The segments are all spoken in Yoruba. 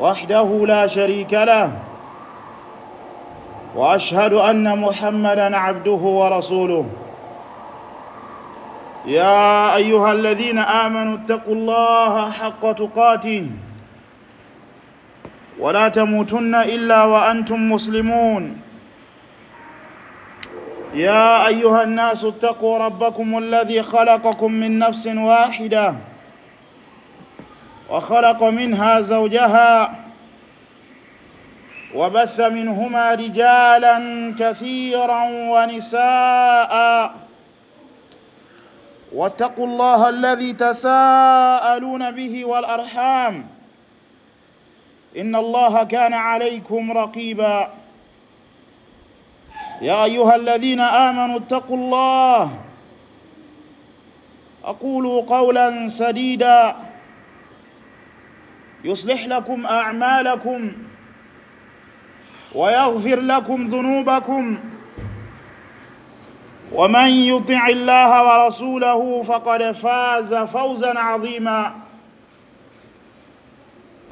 وحده لا شريك له وأشهد أن محمدا عبده ورسوله يا أيها الذين آمنوا اتقوا الله حق تقاته ولا تموتن إلا وأنتم مسلمون يا أيها الناس اتقوا ربكم الذي خلقكم من نفس واحدة وخلق منها زوجها وبث منهما رجالا كثيرا ونساء واتقوا الله الذي تساءلون به والأرحام إن الله كان عليكم رقيبا يا أيها الذين آمنوا اتقوا الله أقولوا قولا سديدا يصلح لكم أعمالكم ويغفر لكم ذنوبكم ومن يطع الله ورسوله فقد فاز فوزا عظيما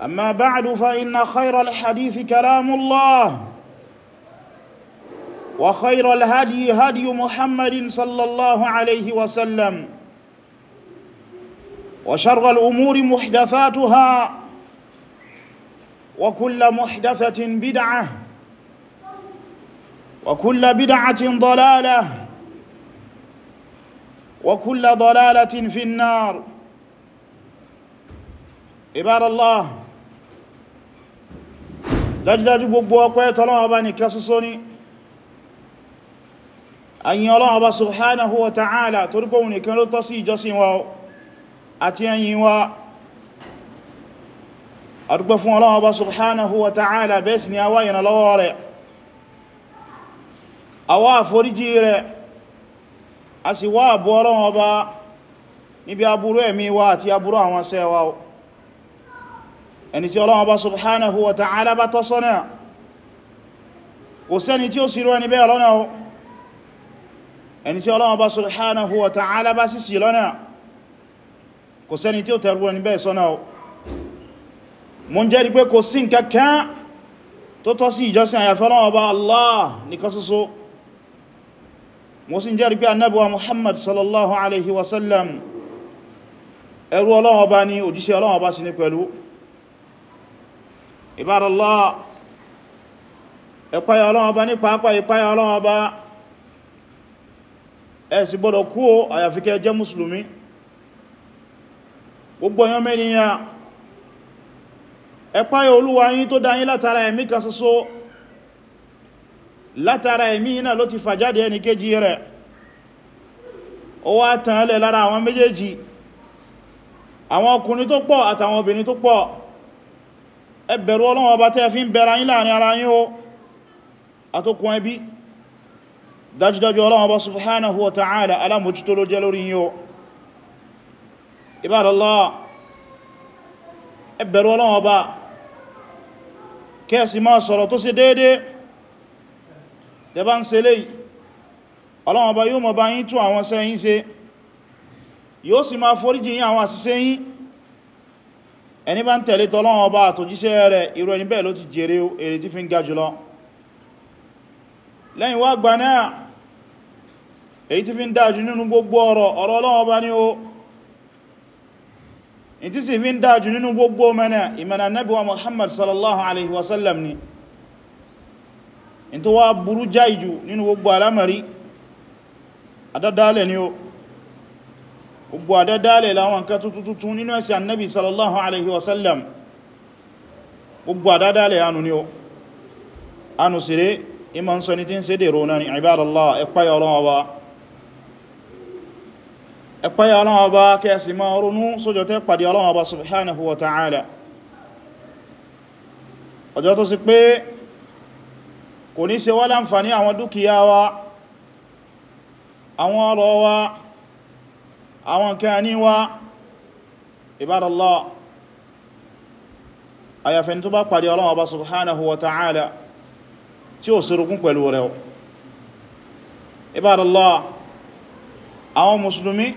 أما بعد فإن خير الحديث كلام الله وخير الهدي هدي محمد صلى الله عليه وسلم وشر الأمور محدثاتها وكل محدثة بدعة وكل بدعة ضلالة وكل ضلالة في النار عباد الله dájúdájú gbogbo ọpẹ́ tọ́lọ́wọ́ bá ní kẹsùsọ́ ní ayin Ọlọ́hun bá subhanahu wa ta'ala torípòun nìkan ló tọ́ sí ìjọsìn wa àti ayin wa adúgbẹ́ fún Ọlọ́hun Ọba subhanahu wa ta'ala bẹ́ẹ̀ sì ni a wá ìrànlọ́wọ́ rẹ̀ a wá àforíjì rẹ̀ a sì wá àbú Ọlọ́hun Ọba níbi aburú ẹ̀mí wa àti aburú àwọn sẹ́wà ẹni tí Ọlọ́hun Ọba subhanahu wa ta'ala bá tọ́ sọ́nà mo ń jẹ́rìí pé kò sí nǹkankan tó tọ́ sí ìjọsìn àyàfi Ọlọ́run Ọba Allah nìkan ṣoṣo mo sì ń jẹ́rìí pé Ànábì wa Muhammad sallallahu alaihi wasallam ẹrú Ọlọ́run Ọba ni òjíṣẹ́ Ọlọ́run Ọba sì ni pẹ̀lú Ibadallah ìpáyà Ọlọ́run Ọba ní pàápàá ẹ páyà olúwa yín tó dá yín látara ẹ̀mí kan ṣoṣo látara ẹ̀mí náà ló ti fà jáde ẹni kejì rẹ̀ ó wá tàn án lẹ̀ lára àwọn méjèèjì àwọn ọkùnrin tó pọ̀ àtàwọn obìnrin tó pọ̀ ẹ bẹ̀rù Ibadallah ẹ bẹ̀rù Ọlọ́run kẹ́ẹ̀sì máa sọ̀rọ̀ tó ṣe déédé tẹbá ń ṣe lè Ọlọ́run Ọba yóò mọ̀ bá yín tún àwọn sẹ́yìn ṣe yóò sì máa foríjì yín àwọn àṣìṣe yín ẹni bá ń tẹ̀lé tỌlọ́run Ọba àtòjíṣẹ́ rẹ̀ in ti sì fi ń dájú nínú gbogbo mẹ́nà ìmẹ́nà Ànábì Muhammad sallallahu alaihi wasallam ni in tó wá burú jáìjù nínú gbogbo alamari adádálẹ̀ ni ó gbogbo adádálẹ̀ láwọn nǹkan tuntun nínú ẹ̀sìn Ànábì sallallahu alaihi wasallam gbogbo adádálẹ̀ anu ni ó anu sire iman sọ ni ti ń ṣe dèrò náà ni ibadallah ẹ̀páyọ̀ ọlọ́wọ́ ẹ̀pẹ́yà Ọlọ́run Ọba kẹsì máa ronú sójọ tẹ́ pàdé Ọlọ́run Ọba subhanahu wa ta'ala ọjọ́ tó sì pé kò ní ṣe wá láǹfàní àwọn dúkìá wa àwọn ọrọ̀ wa àwọn kẹni wa ibadallah àyàfẹ́ni tó bá pàdé Ọlọ́run Ọba subhanahu wa ta'ala tí ó sírukún pẹ̀lú rẹ̀ ibadallah àwọn musulmi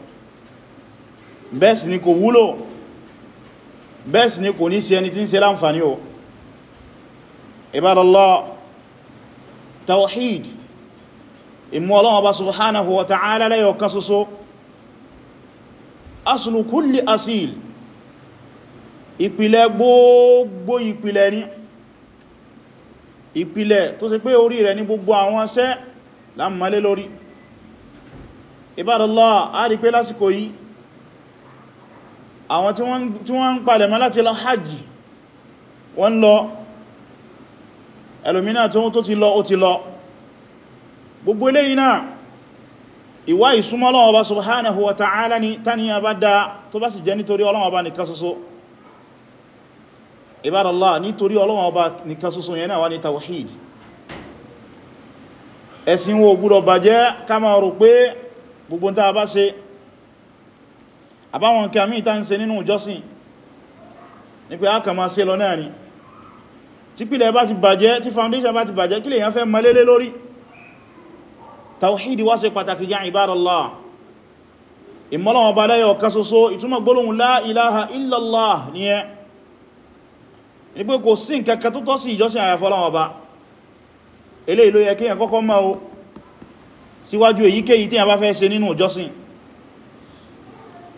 bẹ́ẹ̀ sì ni kò wúlò bẹ́ẹ̀ sì ni kò ní ṣe ẹni tí ń ṣe láǹfàní o ibadallah tawhid ìmú Ọlọ́hun Ọba subhanahu wa ta'ala lẹ́yọ̀kan ṣoṣo aslu kulli asil ìpìlẹ̀ gbogbo ìpìlẹ̀ ni ìpìlẹ̀ tó ṣe pé orí rẹ̀ ní gbogbo àwọn ṣẹ́ láàmàlé lórí ibadallah a rí pé lásìkò yìí àwọn tí wọ́n ń palẹ̀mọ́ láti lọ hajji wọ́n lọ ẹlòmínà tó ti lọ ó ti lọ gbogbo eléyìí náà ìwà ìsúnmọ́ Ọlọ́run Ọba subhanahu wa ta'ala ni tániyà bá dá tó bá sì jẹ́ nítorí Ọlọ́run Ọba nìkan ṣoṣo ibadallah nítorí Ọlọ́run Ọba nìkan yẹn náà wà ní tawhid ẹ̀sìn wo gbọ́dọ̀ bàjẹ́ ká máa rò pé gbogbo ń tàà bá ṣe àbáwọn kí a mí ìta ń ṣe nínú ìjọsìn ní pé a kà máa ṣe lọ náà ni tí pìlẹ̀ bá ti bàjẹ́ tí foundation bá ti bàjẹ́ kí lè yàn fẹ́ malélé lórí tawhidi wá ṣe pàtàkì gan ibadallah ìmọ́lọ́wọ́ bá lẹ́yọ̀ ọ̀kan ṣoṣo ìtumọ̀ gbólóhùn la ilaha illallah ni a bá fẹ́ ṣe nínú ìjọsìn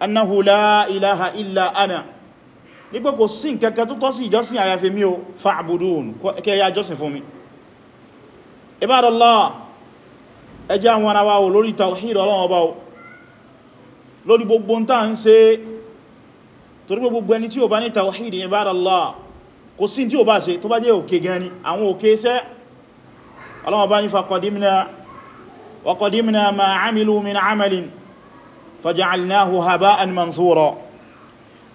annahu la ilaha illa ana nígbẹ́ kò sí nǹkankan tó tọ́ sí ìjọsìn àyàfi mi o fa'budun kẹ ya jọsìn fún mi ibadallah ẹjẹ́ àwọn ara wa o lórí tawhid Ọlọ́run Ọba o lórí gbogbo ń tàà ń ṣe torí gbogbo ẹni tí ó bá ní tawhid ibadallah kò sí tí ó bá ṣe tó bá jẹ́ òkè gan ni àwọn òkè iṣẹ́ Ọlọ́run Ọba ní faqadimna wa qadimna ma amilu min faja'alnahu haba'an mansura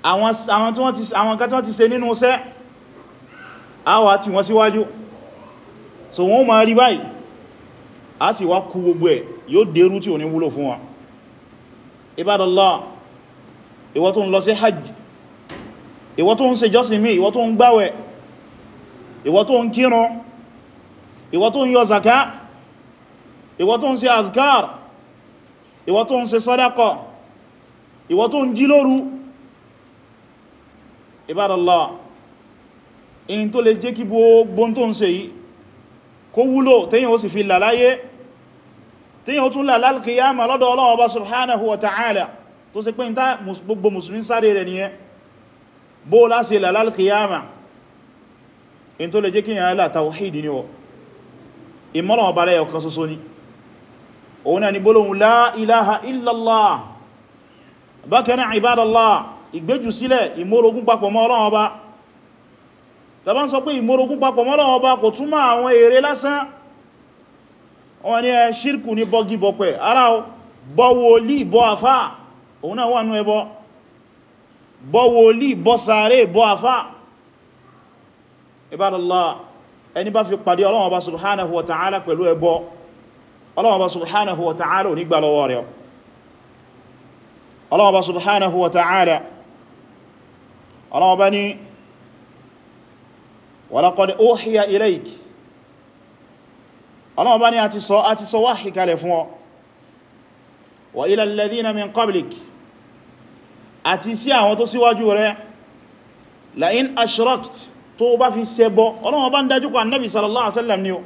àwọn kan tí wọ́n ti ṣe nínú iṣẹ́ àwa tí wọ́n síwájú so wọ́n ma rí báyìí a sì wá kú gbogbo ẹ̀ yóò dérú tí ò ní wúlò fún wa ibadallah ìwọ tó ń lọ sí hajj ìwọ tó ń ṣe jọ́sìn mí ìwọ tó ń gbáwẹ̀ ìwọ tó ń kírun ìwọ tó ń yọ zaka ìwọ tó ń ṣe sọ́dákọ̀ ìwọ tó ń jí lóru Ibadallah in tó lè jẹ́ kí gbogbo tó ń ṣe yìí kó wúlò tẹ́yìn ó sì fi làláyé tẹ́yìn ó tún làlálkìyàmà lọ́dọ̀ Ọlọ́hun Ọba subhanahu wa ta'ala tó ṣe pé ìmọ́lọ̀ ọba lẹ́yọ̀ kan ni òun náà ni gbólóhùn la ilaha illallah bákanáà ibadallah ìgbéjù sílẹ̀ ìmórogún papọ̀ mọ́ Ọlọ́run Ọba tàbá ń sọ pé ìmórogún papọ̀ mọ́ Ọlọ́run Ọba kò túnmọ̀ àwọn èrè lásán wọ́n ní ẹ ṣírkù ní bọ́gí bọ̀pẹ̀ ara bọ́wọ́ lì bọ́ àfá òun náà ẹni bá fi pàdé Ọlọ́run Ọba subhanahu wa ta'ala pẹ̀lú ẹbọ ọlọ́wọ́ba subhanahu wa ta'ala ò ní gbà lọ́wọ́ rẹ̀ ọlọ́wọ́ba subhanahu wa ta'ala ọlọ́wọ́ba ni walaqad uhiya ilayk ọlọ́wọ́ba ni a ti sọ a ti sọ wáhì kalẹ̀ fún ọ wa ila alladhina min qablik àti sí àwọn tó síwájú rẹ̀ la'in ashrakt tó bá fi ṣẹbọ ọlọ́wọ́ba ń dájú annabi sallallahu alaihi wasallam ni o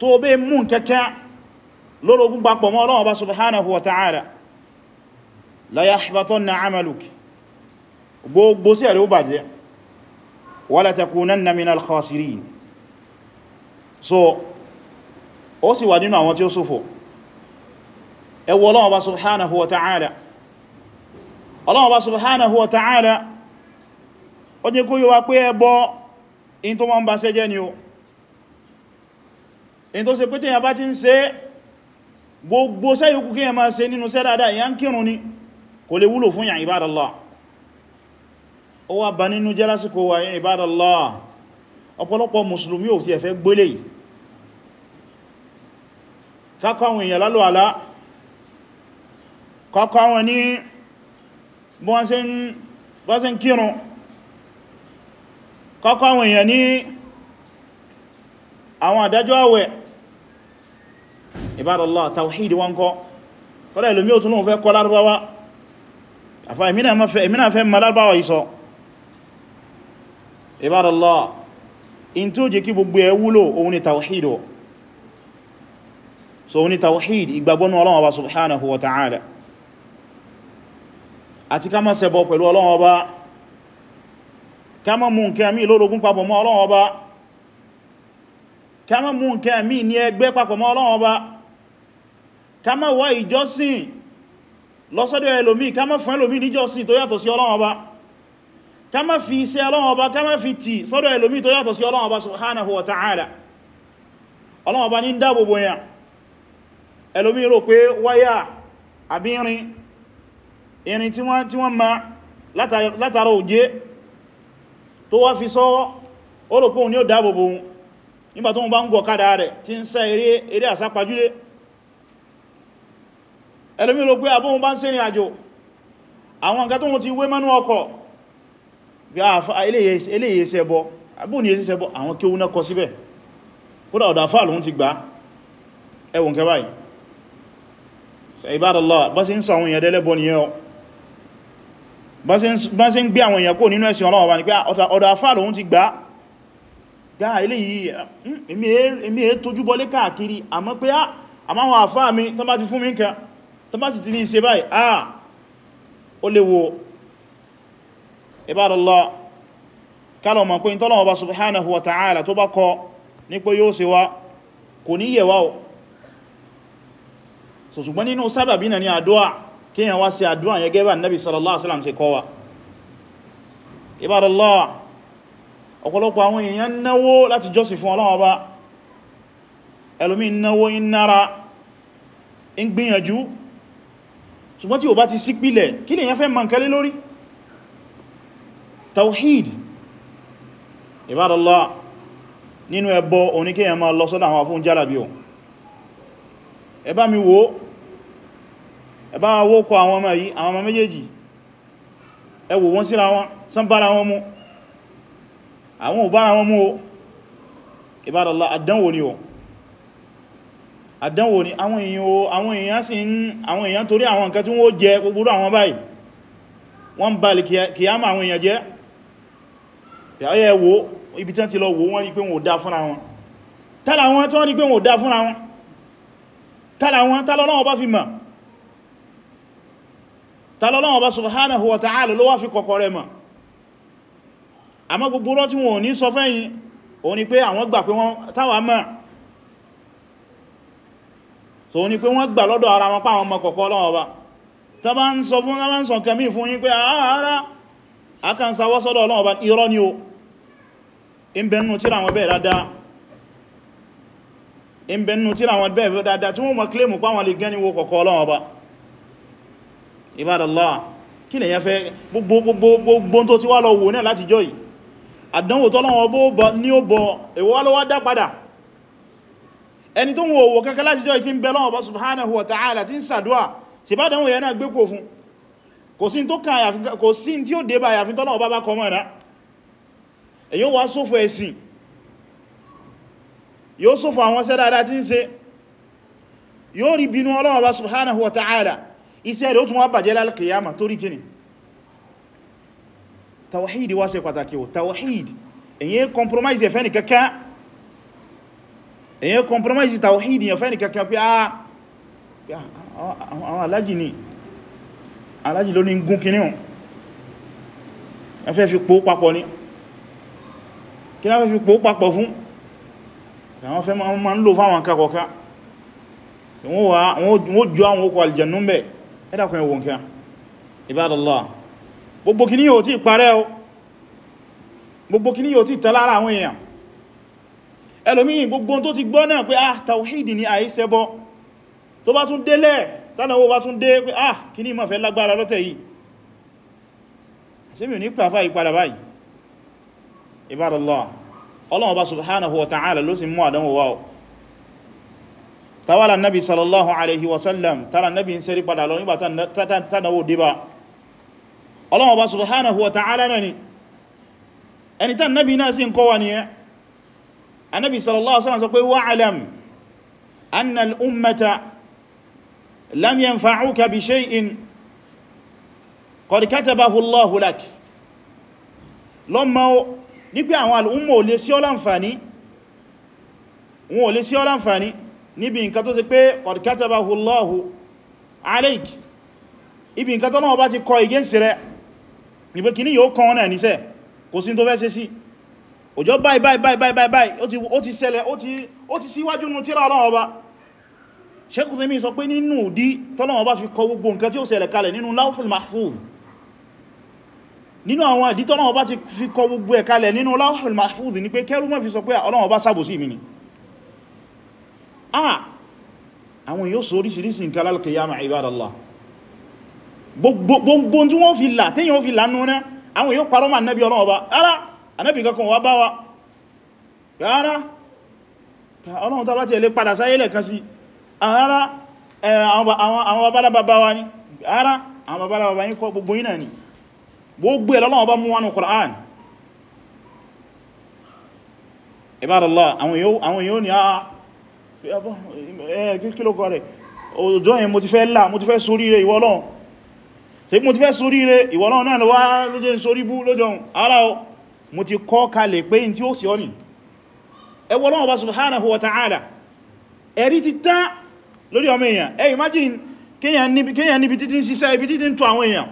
tó bẹ́ mún kẹ́kẹ́ lórogún papọ̀ mọ́ Ọlọ́run Ọba subhanahu wa ta'ala la yahbatanna 'amaluk gbogbo sí ẹ̀rẹ́ ó bàjẹ́ wala takunanna minal khasirin so ó sì wà nínú àwọn tí ó ṣòfò ẹ wo Ọlọ́run Ọba subhanahu wa ta'ala Ọlọ́run Ọba subhanahu wa ta'ala ó gbogbo sẹ́yùkú kí ẹ máa ṣe nínú sẹ́ dáadáa ìyá ń kírun ni kò lè wúlò fún yàn ibadallah ó wá bá nínú jẹ́ lásìkò wà yẹn ibadallah ọ̀pọ̀lọpọ̀ mùsùlùmí àwọn àdájọ́ àwẹ̀ Ibadallah tawhid wọn kọ́ kọ́lá ìlúmí òtún lóun fẹ́ kọ́ lárúbáwá àfá ìmìnà fẹ́ ma lárúbáwá ìsọ Ibadallah in tí ó jẹ́ kí gbogbo ẹ wúlò òun ni tawhid o so òun ni tawhid ìgbàgbọ́nù Ọlọ́run Ọba subhanahu wa ta'ala àti ká má ṣẹbọ pẹ̀lú Ọlọ́run Ọba ká má mú nǹkan mí lórogún papọ̀ ní ẹgbẹ́ papọ̀ mọ́ Ọlọ́run Ọba kama má wá ìjọsìn elomi kama ká elomi fún ẹlòmí níjọsìn tó yàtọ̀ sí Ọlọ́run Ọba fi iṣẹ́ Ọlọ́run Ọba ká fi ti sọ́dọ̀ elomi to yato si Ọlọ́run Ọba subhanahu wa ta'ala Ọlọ́run Ọba ni dáàbòbò yà elomi rò pe waya àbí irin irin tí ma latara oje to wa fi sọ́wọ́ ni ẹlòmí ló pé àbóhun bá ń ṣèrìn àjò àwọn nǹkan tó wọ́n ti wé mẹ́nu ọkọ̀ bí àfá eléyè ṣẹbọ àbúhun yẹ ṣẹbọ àwọn kí oúnà kọ síbẹ̀ kódà ọ̀dà fà lóhun ti gbá ẹwùn kẹ báyìí Ibadallah bá ṣe ń sọ àwọn èèyàn dẹ́lẹ́bọ nìyẹn o bá ṣe ń gbé àwọn èèyàn kó nínú ẹ̀sìn Ọlọ́run pé ah, ọ̀dà fà lóhun hmm, ah, àfáà mi tán bá ti fún mi nǹkan tó bá sì ti ní ṣe báyìí ah ó léwo Ibadallah kálọ̀ mọ̀ pé ìtọ́lọ̀wọ̀ bá subhanahu wa ta'ala tó bá kọ ní pé yóò ṣe wá kò ní yẹ̀wá o so ṣùgbọ́n nínú sábàbí na ní àdúwà kíyàn wá sí àdúwà yẹ gẹ́bà nabi sallallahu alaihi wasallam ṣùgbọ́n tí ó bá ti sí pìlẹ̀ kí lèyàn fẹ́ ma nkẹ́lé lórí tawhid ibadallah nínú ẹbọ oníkẹ́yàn ma lọ sọ́dọ̀ àwọn afún jálàbí o ẹbá mi wo ẹbá wó kọ àwọn ọmọ yìí àwọn ọmọ méjèèjì ẹwò wọn síra wọn sán bára wọn mú àdánwò ni àwọn èèyàn o àwọn èèyàn sì ń àwọn èèyàn torí àwọn nǹkan tí wọ́n jẹ gbogbo àwọn báyìí wọ́n bá lè kìyàmà àwọn èèyàn jẹ́ ẹ̀yẹ wo ibi tí wọ́n ti lọ wo wọ́n rí pé wọ́n dá fúnra wọn tààlà tí wọ́n rí pé wọ́n dá fúnra wọn tààlà wọn so ni pé wọ́n gbà lọ́dọ̀ ara wọn pàwọn ọmọ kọ̀kọ́ Ọlọ́run ba tá bá ń sọ fún wọn bá ń sọ kẹmí fún yín pé ah, ara akan sawọ́ sọ́dọ̀ Ọlọ́run Ọba irọ́ ni o in bẹnu tíra wọn bẹ́ẹ̀ dáadáa in bẹnu tíra wọn bẹ́ẹ̀ dáadáa wo kọ̀kọ́ Ọlọ́run ba Ibadallah gbogbo ti n'i ẹni tó ń wo òwò kankan láti jọ ìtí ń bẹ lọ́wọ́ bá subhanahu wa ta'ala tí ń sàdúwà ṣe bá dánwò yẹn náà gbé kò fún kò sí tí ó dé bá àyàfin tọ́lọ̀ ọba bá kọ mọ́ ẹ̀dá èyí wá sófò ẹ̀sìn yóò sófò àwọn sẹ́ dáadáa tí ń ṣe yóò rí bínú Ọlọ́run bá subhanahu wa ta'ala èyàn compromise tawhid yẹn fẹ́ni kankan pé ah, ah, ah, àwọn alájì ni alájì ló ní gún kí níhùn ẹfẹ́ fi pò papọ̀ ní kí náà fẹ́ fi pò papọ̀ fún àwọn fẹ́ ma ń lò fáwọn kakọ̀ká wọ́n jọ àwọn okò aljannu mẹ́ ẹ́dàkùn ẹwọ nǹkan ibadallah gbogbo kí ní yóò tí ẹlòmíì gbogbo tó ti gbọ́ náà pé ah tàwíìdì ni àìṣẹbọ tó bá tún délẹ̀ tánàwó bá tún dé pé ah kí ní ìmọ̀fẹ́ lágbára lọ́tẹ̀ yìí àṣẹ́mì ní pàfà ìpadà báyìí ibadallah Ọlọ́hun Ọba subhanahu wa ta'ala ló sì ẹni tán nabi náà sì ń kọwa ni ẹ́ anábi sallallahu alaihi wasallam sọ pé wa'alam anna al'ummata lam yanfa'uka bi shay'in qad katabahu Allahu lak lọ́mọ ní pé àwọn al'umma ò lè sí ọ láǹfàní wọn ò lè sí ọ láǹfàní níbi nǹkan tó ṣe pé qad katabahu Allahu alaik ibi nǹkan tó náà bá ti kọ igéǹsì rẹ̀ níbi kìí yóò kọ́ náà níṣẹ́ kò sí tó fẹ́ ṣe sí òjò báyìí báyìí báyìí báyìí báyìí ó ti ṣẹlẹ̀ ó ti síwájú nù tíra Ọlọ́run Ọba Shaykh Uthaymeen sọ pé nínú ìdí tọ́lọ́run Ọba fi kọ gbogbo nǹkan tí ó ṣẹlẹ̀ kalẹ̀ nínú Lawhul Mahfuz nínú àwọn ìdí tọ́lọ́run Ọba ti fi kọ gbogbo ẹ̀ kalẹ̀ nínú Lawhul Mahfuz ni pé kẹ́rù má fi sọ pé Ọlọ́run Ọba ṣàbòsí mi ni àwọn yóò sọ oríṣiríṣi nǹkan lálùkìyàmà ibadallah gbogbo tí wọ́n fi là tí yóò fi là nù náà àwọn yóò parọ́ mọ́ Ànábì Ọba ara anábì kankan wá bá wa rárá ọlọ́run tàbá ti ẹ̀lẹ́ padà sáyé lẹ́ẹ̀kan sí rárá àwọn babalaba wa ní rárá àwọn babalaba yí kọ́ gbogbo yínà ni gbogbo ẹ̀lọ́lọ́wọ́ bá mú wánú Qur'an ibadallah àwọn yóò ní àà ah, kílòkọ́ rẹ̀ òjò yẹn mo ti fẹ́ là mo ti fẹ́ sórí rẹ̀ ìwọ́lọ́run mo ti kọ́ kalẹ̀ pé in tí ó sì ọ́ ẹwọ́ Ọlọ́run Ọba subhanahu wa ta'ala ẹ̀rí ti tá lórí ọmọ èèyàn ẹ imagine kíyàn níbi títí ń ṣiṣẹ́ ibi títí ń tó àwọn èèyàn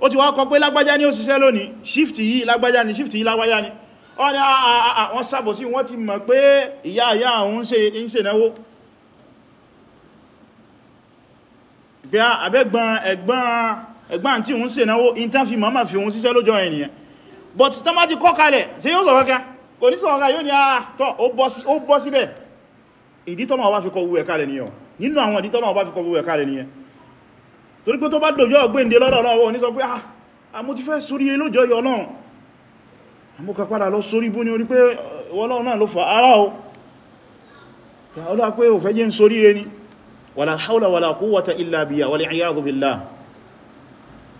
ó ti wá kọ pé lágbájá ní ó ṣiṣẹ́ lónìí shift yìí ni shift yìí lágbájá ni ah, ah, ah, wọ́n ni àwọn sábò sí wọ́n ti mọ̀ pé ìyá ìyá àwọn ń ṣe náwó àbẹ́gbọ́n ẹ̀gbọ́n àti òun ṣe náwó in tán fi mọ́mà fi òun ṣiṣẹ́ lójọ́ ènìyàn but tí ma ti kọ́ kalẹ̀ ṣe yóò sọ̀rọ̀ kan kò ní sọ̀rọ̀ yóò ní àtọ́ ah, ó bọ́ síbẹ̀ ìdítọ́nà ọba fi kọ wúwẹ̀ kalẹ̀ nìyàn nínú àwọn ìdítọ́nà ọba fi kọ wúwẹ̀ kalẹ̀ nìyàn torí pé tó bá dòjọ́ ọgbẹ́ndé lọ́dọ̀ náà wọ́n ní sọ pé ah mo ti fẹ́ sórí lójọ́ yọ náà mo kà padà lọ sórí bú ní orí pé wọ́lọ́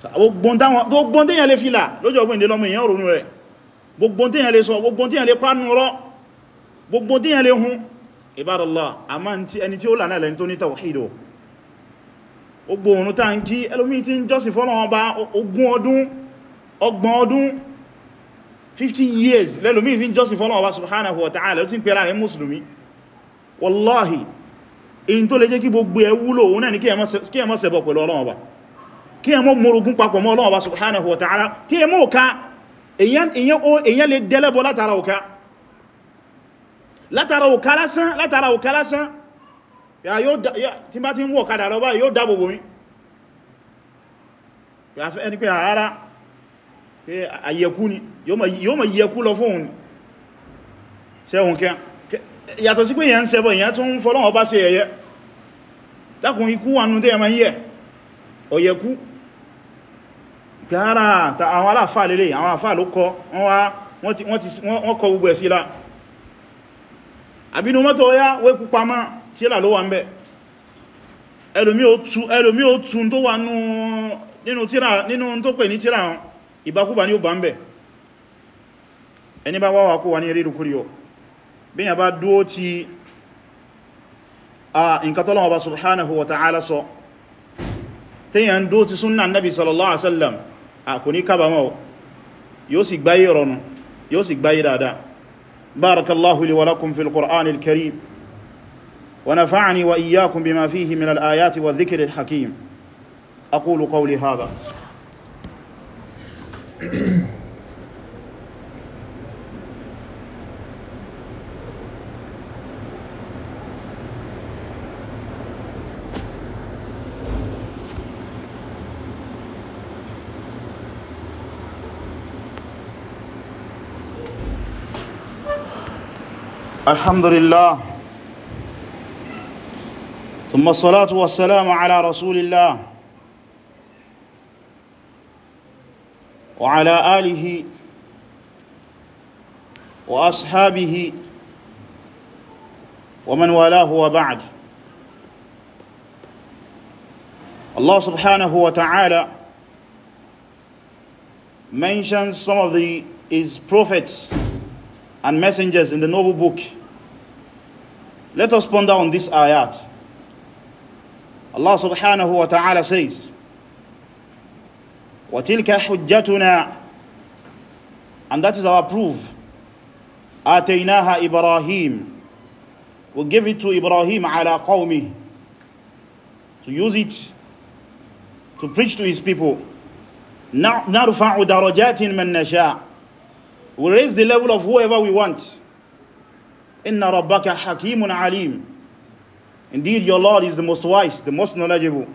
gbogbo tí yẹn lè fìlà lójọ́ ọgbọ̀n ìdè lọ́mọ èèyàn ronú rẹ̀ gbogbo tí yẹn lè sọ gbogbo tí yẹn lè pánu rọ́ gbogbo tí yẹn lè hun ibadallah a ma n ti ẹni tí ó lànà ẹ̀lẹ́ni tó ní tawhido ta ń kí ẹlòmí tí ń jọ́sìn fọ́nà ọba ogún ọdún ọgbọ̀n years lẹ́lòmí fi ń jọ́sìn fọ́nà ọba subhanahu ta'ala tí ń pẹ̀lá rẹ̀ mùsùlùmí wallahi in tó lè jẹ́ kí gbogbo ẹ wúlò òun náà ni kí ẹ má ṣẹbọ kí ẹmọ́ mọ́rogún papọ̀ mọ́ Ọlọ́run wa subhanahu wa ta'ala tí ẹmọ́ òká èyàn lè dẹ́lẹ́bọ látara òká látara òká lásán látara òká lásán tí bá ti ń wọ̀ kadà lọ báyìí yóò dábòbò mi ẹni pé àárá pé àyẹ̀kú ni yóò mọ̀ yẹ̀kú lọ fóhun sẹ́hun kẹ́ yàtọ̀ sí pé èyàn ń ṣẹbọ èyàn tún fọ́lọ́wọ́ bá ṣe ẹ̀yẹ gara ta àwọn aláfà lélẹ̀ àwọn àfà ló kọ wọ́n kọ gbogbo ẹ̀ sílá àbínú mọ́tò ọya wé pupa má sílá ló wà ń bẹ̀ ẹlòmí ó tún tó wà nínú tó pè ní tíra ìbákúbà ní ó bá ń bẹ̀ ẹni bá wáwà kó wà ní eré kúrò bí i bá dúó ti a nǹkan tọ́lọ́wọ́ bá subhanahu wa ta'ala sọ so, tíyàn dó ti súnnà nabi sallallahu alaihi wasallam kò ní kábàmọ́ yóò sì gbáyé rọrùn yóò sì gbáyé dáadáa barakallahu li wa lakum fil qur'an al-karim wa nafa'ani wa iyyakum bima fihi min al-ayati wa dhikri al-hakim aqulu qawli hadha الحمد لله ثم الصلاة والسلام على رسول الله وعلى آله وأصحابه ومن والاه وبعد الله سبحانه وتعالى mentions some of the, his prophets and messengers in the noble book. Let us ponder on this ayat. Allah subhanahu wa ta'ala says, وَتِلْكَ حُجَّتُنَا And that is our proof. آتَيْنَاهَا إِبْرَاهِيمُ We give it to Ibrahim ala qawmi to use it to preach to his people. نَرْفَعُ دَرَجَاتٍ مَنْ نَشَاءُ we raise the level of whoever we want inna rabbaka hakimun alim indeed your lord is the most wise the most knowledgeable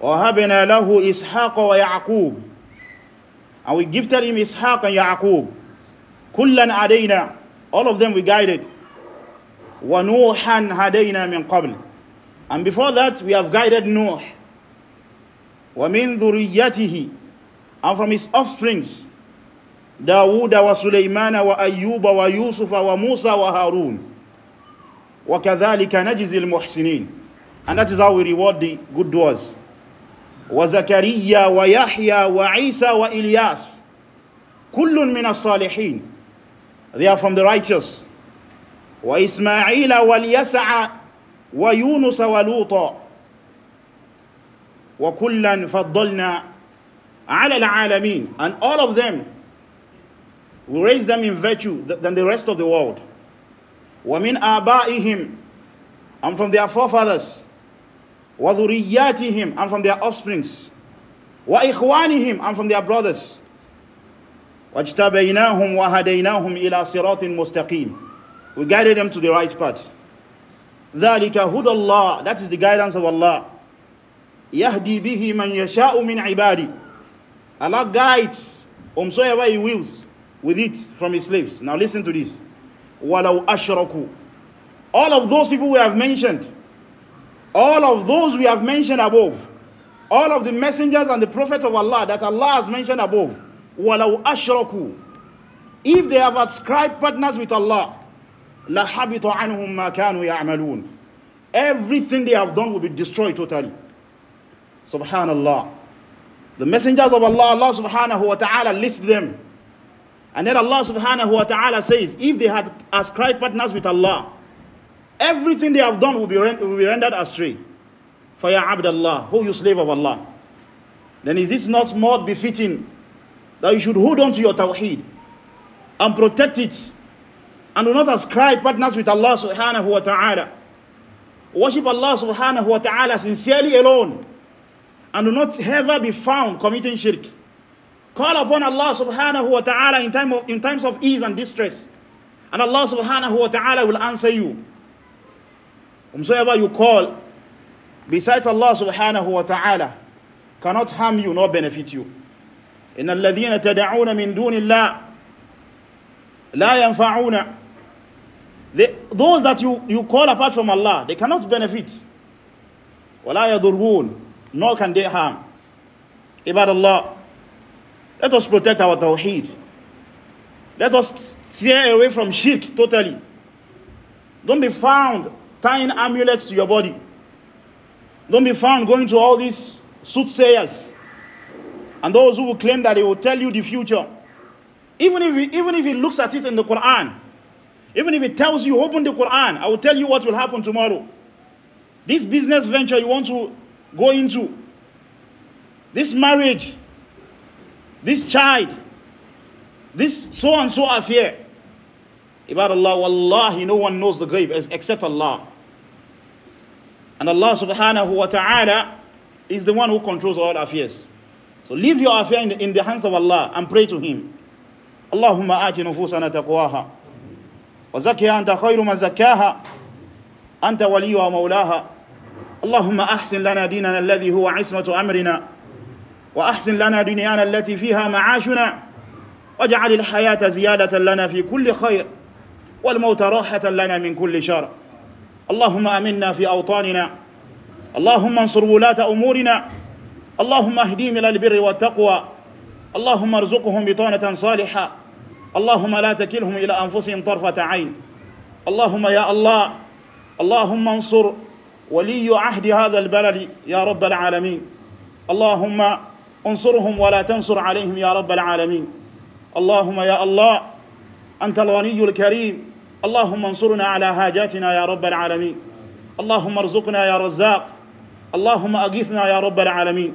وَهَبْنَا لَهُ إِسْحَاقَ وَيَعْقُوبَ And we gifted him Ishaq and Ya'qub. كُلًّا عَدَيْنَا All of them we guided. وَنُوحًا هَدَيْنَا مِنْ قَبْلِ And before that, we have guided Nuh. وَمِنْ ذُرِيَّتِهِ And from his offsprings, داود وسليمان وأيوب ويوسف وموسى وهارون وكذلك نجزي المحسنين and that is how we reward the good doers وزكريا ويحيى وعيسى وإلياس كل من الصالحين they are from the righteous وإسماعيل واليسع ويونس ولوطا وكلا فضلنا على العالمين and all of them We raise them in virtue than the rest of the world. وَمِنْ آبَائِهِمْ And from their forefathers. وَذُرِيَّاتِهِمْ And from their offsprings. وَإِخْوَانِهِمْ And from their brothers. وَاجْتَبَيْنَاهُمْ وَهَدَيْنَاهُمْ إِلَى صِرَاطٍ مُسْتَقِيمٍ We guided them to the right path. ذَلِكَ هُدَى اللَّهِ That is the guidance of Allah. يَهْدِي بِهِ مَنْ يَشَاءُ مِنْ عِبَادِهِ Allah guides whomsoever he wills with it from his slaves. Now listen to this. Walau أَشْرَكُوا All of those people we have mentioned, all of those we have mentioned above, all of the messengers and the prophets of Allah that Allah has mentioned above, Walau أَشْرَكُوا If they have ascribed partners with Allah, لَحَبِطَ anhum مَا كَانُوا يَعْمَلُونَ Everything they have done will be destroyed totally. Subhanallah. The messengers of Allah, Allah subhanahu wa ta'ala list them and then Allah subhanahu wa ta'ala says, if they had ascribed partners with Allah, everything they have done will be, will be rendered astray. Faya Abdullah, who you slave of Allah. Then is it not more befitting that you should hold on to your tawheed and protect it and do not ascribe partners with Allah subhanahu wa ta'ala. Worship Allah subhanahu wa ta'ala sincerely alone and do not ever be found committing shirk. Call upon Allah subhanahu wa ta'ala in, time in times of ease and distress. And Allah subhanahu wa ta'ala will answer you. Whomsoever you call, besides Allah subhanahu wa ta'ala, cannot harm you nor benefit you. إن الذين تدعون من دون الله لا ينفعون Those that you, you call apart from Allah, they cannot benefit. ولا يضرون Nor can they harm. Ibad Allah. Let us protect our tawheed. Let us steer away from shirk totally. Don't be found tying amulets to your body. Don't be found going to all these soothsayers and those who will claim that they will tell you the future. Even if, he, even if he looks at it in the Quran, even if he tells you, open the Quran, I will tell you what will happen tomorrow. This business venture you want to go into, this marriage, this child, this so and so affair. Ibad Allah, wallahi, no one knows the grave except Allah. And Allah subhanahu wa ta'ala is the one who controls all affairs. So leave your affair in the, in the hands of Allah and pray to Him. Allahumma aati nufusana taqwaha wa zakkiha anta khayru man zakkaha anta waliyuha mawlaha Allahumma ahsin lana dinana alladhi huwa ismatu amrina وأحسن لنا دنيانا التي فيها معاشنا واجعل الحياة زيادة لنا في كل خير والموت راحة لنا من كل شر اللهم أمنا في أوطاننا اللهم انصر ولاة أمورنا اللهم اهديم إلى البر والتقوى اللهم ارزقهم بطانة صالحة اللهم لا تكلهم إلى أنفسهم طرفة عين اللهم يا الله اللهم انصر ولي عهد هذا البلد يا رب العالمين اللهم انصرهم ولا تنصر عليهم يا رب العالمين اللهم يا الله أنت الغني الكريم اللهم انصرنا على حاجاتنا يا رب العالمين اللهم ارزقنا يا رزاق اللهم أغثنا يا رب العالمين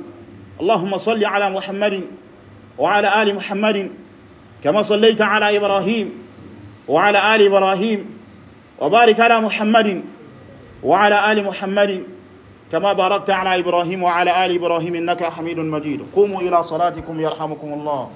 اللهم صل على محمد وعلى آل محمد كما صليت على إبراهيم وعلى آل إبراهيم وبارك على محمد وعلى آل محمد كما باركت على إبراهيم وعلى آل إبراهيم إنك حميد مجيد قوموا إلى صلاتكم يرحمكم الله